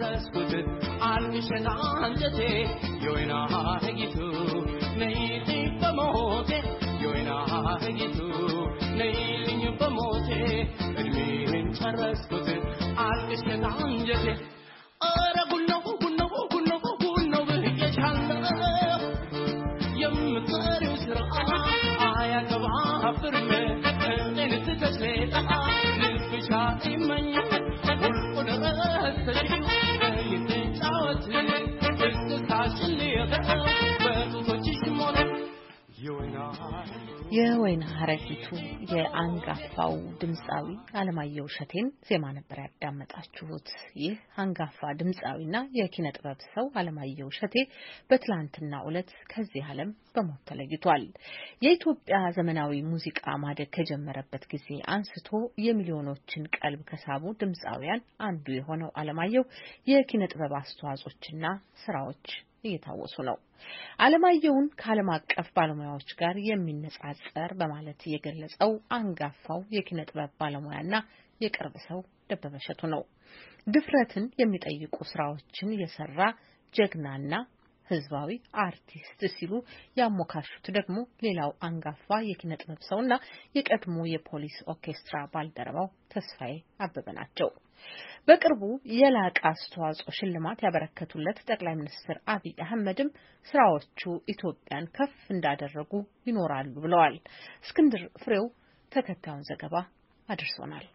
ደረስኩት አልሚሸና አንጀቴ የወይና ሀረጊቱ ነይልኝ በሞቴ የወይና ሀረጊቱ ነይልኝ በሞቴ እድሜን ጨረስኩት አልሚሸና አንጀቴ ኧረ ጉድ ነው ጉድ ነው ጉድ ነው ጉድ ነው ብዬሻለሁ የምትጠሪው ስራ አያገባፍርም እኔን ትተሽ ሌላ ልብሻ ይመኛል ሁሉን ረስተሽው የወይን ሀረጊቱ የአንጋፋው ድምፃዊ አለማየሁ እሸቴን ዜማ ነበር ያዳመጣችሁት። ይህ አንጋፋ ድምፃዊና የኪነ ጥበብ ሰው አለማየሁ እሸቴ በትላንትና ዕለት ከዚህ ዓለም በሞት ተለይቷል። የኢትዮጵያ ዘመናዊ ሙዚቃ ማደግ ከጀመረበት ጊዜ አንስቶ የሚሊዮኖችን ቀልብ ከሳቡ ድምፃውያን አንዱ የሆነው አለማየሁ የኪነ ጥበብ አስተዋጽኦችና ስራዎች እየታወሱ ነው። አለማየሁን ከዓለም አቀፍ ባለሙያዎች ጋር የሚነጻጸር በማለት የገለጸው አንጋፋው የኪነ ጥበብ ባለሙያና የቅርብ ሰው ደበበ እሸቱ ነው። ድፍረትን የሚጠይቁ ስራዎችን የሰራ ጀግናና ህዝባዊ አርቲስት ሲሉ ያሞካሹት ደግሞ ሌላው አንጋፋ የኪነ ጥበብ ሰውና የቀድሞ የፖሊስ ኦርኬስትራ ባልደረባው ተስፋዬ አበበ ናቸው። በቅርቡ የላቀ አስተዋጽኦ ሽልማት ያበረከቱለት ጠቅላይ ሚኒስትር አብይ አህመድም ስራዎቹ ኢትዮጵያን ከፍ እንዳደረጉ ይኖራሉ ብለዋል። እስክንድር ፍሬው ተከታዩን ዘገባ አድርሶናል።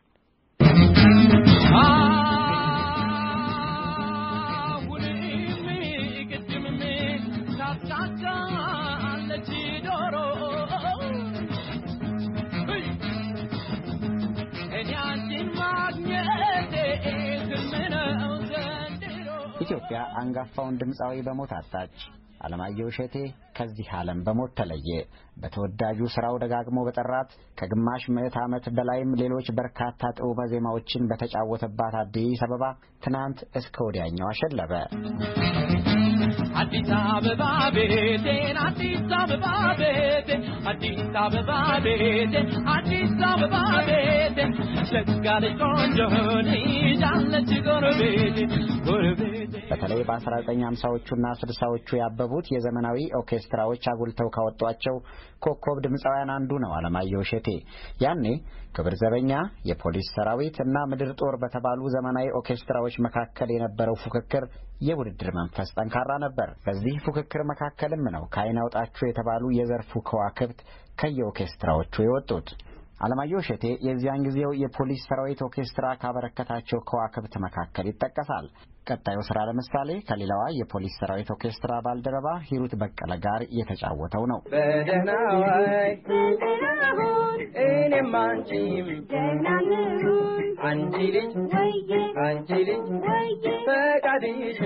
ኢትዮጵያ አንጋፋውን ድምፃዊ በሞት አጣች። አለማየሁ እሸቴ ከዚህ ዓለም በሞት ተለየ። በተወዳጁ ሥራው ደጋግሞ በጠራት ከግማሽ ምዕት ዓመት በላይም ሌሎች በርካታ ጥዑመ ዜማዎችን በተጫወተባት አዲስ አበባ ትናንት እስከ ወዲያኛው አሸለበ። አዲስ አበባ ቤቴን አዲስ አበባ ቤቴ አዲስ አበባ ቤቴ አዲስ አበባ ጎረቤቴ ጎረቤቴ በተለይ በ1950ዎቹና 60 ያበቡት የዘመናዊ ኦርኬስትራዎች አጉልተው ካወጧቸው ኮከብ ድምፃውያን አንዱ ነው አለማየሁ እሸቴ። ያኔ ክብር ዘበኛ፣ የፖሊስ ሰራዊት እና ምድር ጦር በተባሉ ዘመናዊ ኦርኬስትራዎች መካከል የነበረው ፉክክር የውድድር መንፈስ ጠንካራ ነበር። በዚህ ፉክክር መካከልም ነው ከዓይን አውጣችሁ የተባሉ የዘርፉ ከዋክብት ከየኦርኬስትራዎቹ የወጡት። አለማየሁ እሸቴ የዚያን ጊዜው የፖሊስ ሰራዊት ኦርኬስትራ ካበረከታቸው ከዋክብት መካከል ይጠቀሳል። ቀጣዩ ስራ ለምሳሌ ከሌላዋ የፖሊስ ሰራዊት ኦርኬስትራ ባልደረባ ሂሩት በቀለ ጋር የተጫወተው ነው። እኔም አንቺም አንቺ ልጅ አንቺ ልጅ ፈቃድሽ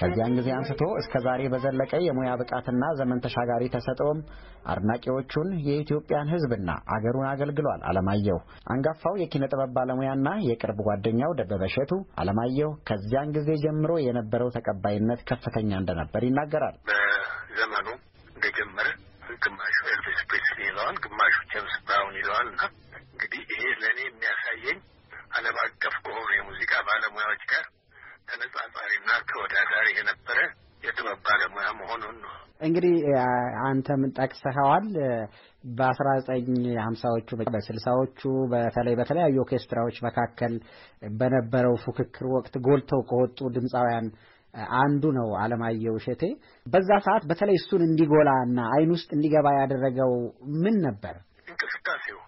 ከዚያን ጊዜ አንስቶ እስከ ዛሬ በዘለቀ የሙያ ብቃትና ዘመን ተሻጋሪ ተሰጥኦም አድናቂዎቹን የኢትዮጵያን ሕዝብና አገሩን አገልግሏል አለማየሁ። አንጋፋው የኪነ ጥበብ ባለሙያና የቅርብ ጓደኛው ደበበ ሸቱ አለማየሁ ከዚያን ጊዜ ጀምሮ የነበረው ተቀባይነት ከፍተኛ እንደነበር ይናገራል። በዘመኑ እንደጀመረ ግማሹ ኤልቪስ ፕሪስሊ ይለዋል፣ ግማሹ ጀምስ ብራውን ይለዋል እና እንግዲህ ይሄ ለእኔ የሚያሳየኝ ዓለም አቀፍ ከሆኑ የሙዚቃ ባለሙያዎች ጋር ተነጻጻሪና ተወዳዳሪ የነበረ የጥበብ ባለሙያ መሆኑን ነው። እንግዲህ አንተም ጠቅሰኸዋል። በአስራ ዘጠኝ ሀምሳዎቹ በስልሳዎቹ በተለይ በተለያዩ ኦርኬስትራዎች መካከል በነበረው ፉክክር ወቅት ጎልተው ከወጡ ድምፃውያን አንዱ ነው አለማየሁ እሸቴ። በዛ ሰዓት በተለይ እሱን እና አይን ውስጥ እንዲገባ ያደረገው ምን ነበር? እንቅስቃሴው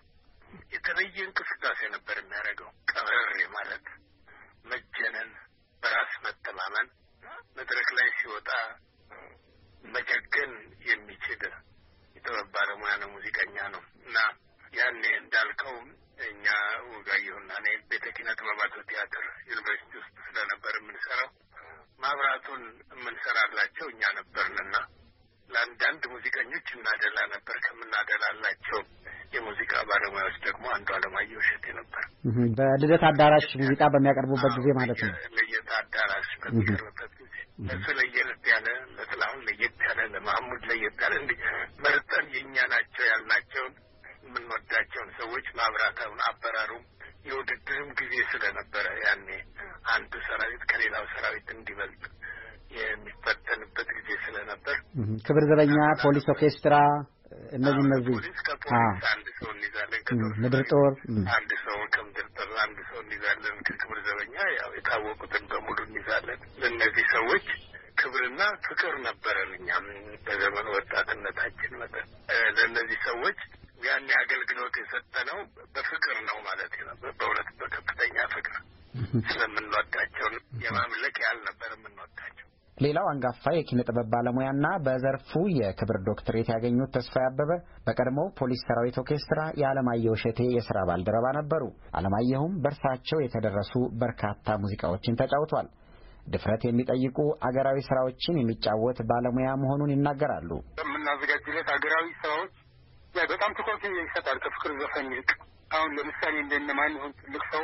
የተለየ እንቅስቃሴ ነበር የሚያደርገው። ቀብረር ማለት መጀነን፣ በራስ መተማመን፣ መድረክ ላይ ሲወጣ መጀገን የሚችል የጥበብ ባለሙያ ነው፣ ሙዚቀኛ ነው እና ያኔ እንዳልከው እኛ ወጋየሁና እኔ ቤተ ኪነ ጥበባት ቲያትር ዩኒቨርሲቲ ውስጥ ስለነበር የምንሰራው ማብራቱን የምንሰራላቸው እኛ ነበርንና ለአንዳንድ ሙዚቀኞች እናደላ ነበር። ከምናደላላቸው የሙዚቃ ባለሙያዎች ደግሞ አንዱ አለማየሁ እሸቴ ነበር። በልደት አዳራሽ ሙዚቃ በሚያቀርቡበት ጊዜ ማለት ነው። ለየት አዳራሽ በሚቀርብበት ጊዜ ለየት ያለ፣ ለጥላሁን ለየት ያለ፣ ለማህሙድ ለየት ያለ እንዲ መርጠን የእኛ ናቸው ያልናቸውን የምንወዳቸውን ሰዎች ማብራታውን አበራሩም የውድድርም ጊዜ ስለነበር ሰራዊት እንዲበልጥ የሚፈተንበት ጊዜ ስለነበር ክብር ዘበኛ፣ ፖሊስ ኦርኬስትራ፣ እነዚህ እነዚህ አንድ ሰው እንይዛለን፣ ምድር ጦር አንድ ሰው ከምድር ጦር አንድ ሰው እንይዛለን፣ ከክብር ዘበኛ ያው የታወቁትን በሙሉ እንይዛለን። ለእነዚህ ሰዎች ክብርና ፍቅር ነበረን። እኛም በዘመን ወጣትነታችን መጠን ለእነዚህ ሰዎች ያን አገልግሎት የሰጠነው በፍቅር ነው ማለት ነው። በእውነት በከፍተኛ ፍቅር ስለምንወዳቸው የማምለክ ያህል ነበር የምንወዳቸው። ሌላው አንጋፋ የኪነ ጥበብ ባለሙያና በዘርፉ የክብር ዶክትሬት ያገኙት ተስፋ ያበበ በቀድሞ ፖሊስ ሰራዊት ኦርኬስትራ የዓለማየሁ እሸቴ የስራ ባልደረባ ነበሩ። ዓለማየሁም በእርሳቸው የተደረሱ በርካታ ሙዚቃዎችን ተጫውቷል። ድፍረት የሚጠይቁ አገራዊ ስራዎችን የሚጫወት ባለሙያ መሆኑን ይናገራሉ። በምናዘጋጅለት አገራዊ ስራዎች በጣም ትኩረት ይሰጣል ከፍቅር ዘፈን ይልቅ። አሁን ለምሳሌ እንደነማን ማንሆን ትልቅ ሰው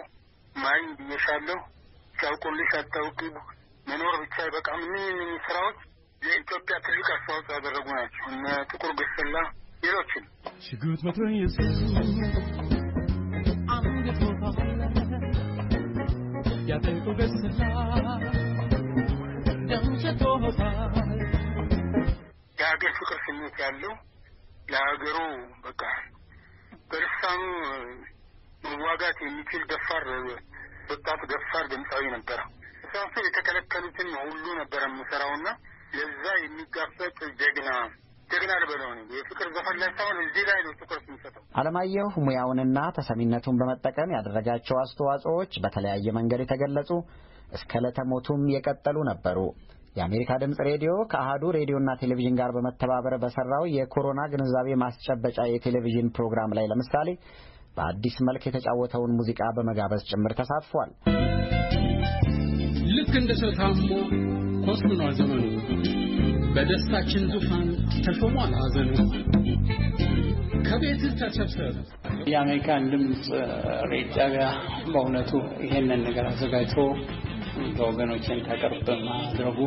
ማኝ ብዬሻለሁ። ሲያውቁልሽ አታውቂም መኖር ብቻ በቃም ምን ስራዎች የኢትዮጵያ ትልቅ አስተዋጽኦ ያደረጉ ናቸው። እነ ጥቁር ግስላ ሌሎችም ሽጉጥ መቶ አንገት የሀገር ፍቅር ስሜት ያለው ለሀገሩ በቃ በርሳኑ መዋጋት የሚችል ደፋር ወጣት ደፋር ድምፃዊ ነበረ። እሳሱ የተከለከሉትን ሁሉ ነበረ የምሰራውና ለዛ የሚጋፈጥ ጀግና ጀግና ልበለው የፍቅር ዘፈን ላይ ሳይሆን እዚህ ላይ ነው ትኩረት የሚሰጠው። አለማየሁ ሙያውንና ተሰሚነቱን በመጠቀም ያደረጋቸው አስተዋጽኦዎች በተለያየ መንገድ የተገለጹ እስከ ለተሞቱም የቀጠሉ ነበሩ። የአሜሪካ ድምፅ ሬዲዮ ከአህዱ ሬዲዮና ቴሌቪዥን ጋር በመተባበር በሰራው የኮሮና ግንዛቤ ማስጨበጫ የቴሌቪዥን ፕሮግራም ላይ ለምሳሌ በአዲስ መልክ የተጫወተውን ሙዚቃ በመጋበዝ ጭምር ተሳትፏል። ልክ እንደ ሰው ታሞ ኮስምኗል ዘመኑ፣ በደስታችን ዙፋን ተሾሟል ሐዘኑ። ከቤት ተሰብሰብ የአሜሪካን ድምፅ ሬዲዮ ጣቢያ በእውነቱ ይሄንን ነገር አዘጋጅቶ ለወገኖችን ተቀርብ ማድረጉ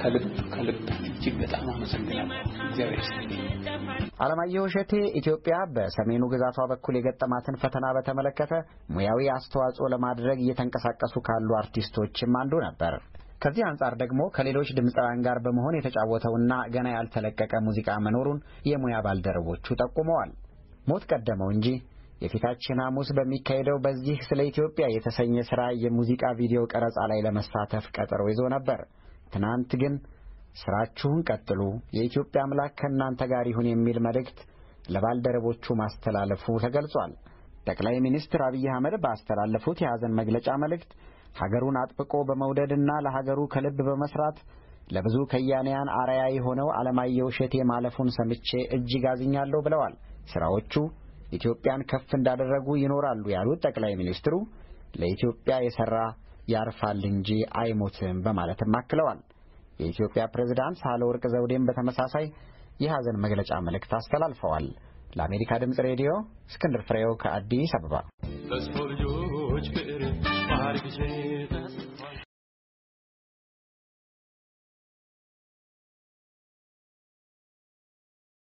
ከልብ ከልብ እጅግ በጣም አመሰግናለሁ። እግዚአብሔር ይስጥልኝ። አለማየሁ እሸቴ ኢትዮጵያ በሰሜኑ ግዛቷ በኩል የገጠማትን ፈተና በተመለከተ ሙያዊ አስተዋጽኦ ለማድረግ እየተንቀሳቀሱ ካሉ አርቲስቶችም አንዱ ነበር። ከዚህ አንጻር ደግሞ ከሌሎች ድምፃውያን ጋር በመሆን የተጫወተውና ገና ያልተለቀቀ ሙዚቃ መኖሩን የሙያ ባልደረቦቹ ጠቁመዋል። ሞት ቀደመው እንጂ የፊታችን ሐሙስ በሚካሄደው በዚህ ስለ ኢትዮጵያ የተሰኘ ሥራ የሙዚቃ ቪዲዮ ቀረጻ ላይ ለመሳተፍ ቀጠሮ ይዞ ነበር። ትናንት ግን ሥራችሁን ቀጥሉ፣ የኢትዮጵያ አምላክ ከእናንተ ጋር ይሁን የሚል መልእክት ለባልደረቦቹ ማስተላለፉ ተገልጿል። ጠቅላይ ሚኒስትር አብይ አህመድ ባስተላለፉት የሐዘን መግለጫ መልእክት ሀገሩን አጥብቆ በመውደድና ለሀገሩ ከልብ በመስራት ለብዙ ከያንያን አርያ የሆነው አለማየሁ እሸቴ ማለፉን ሰምቼ እጅግ አዝኛለሁ ብለዋል። ሥራዎቹ ኢትዮጵያን ከፍ እንዳደረጉ ይኖራሉ ያሉት ጠቅላይ ሚኒስትሩ ለኢትዮጵያ የሠራ ያርፋል እንጂ አይሞትም በማለትም አክለዋል። የኢትዮጵያ ፕሬዝዳንት ሳህለወርቅ ዘውዴም በተመሳሳይ የሐዘን መግለጫ መልእክት አስተላልፈዋል። ለአሜሪካ ድምፅ ሬዲዮ እስክንድር ፍሬው ከአዲስ አበባ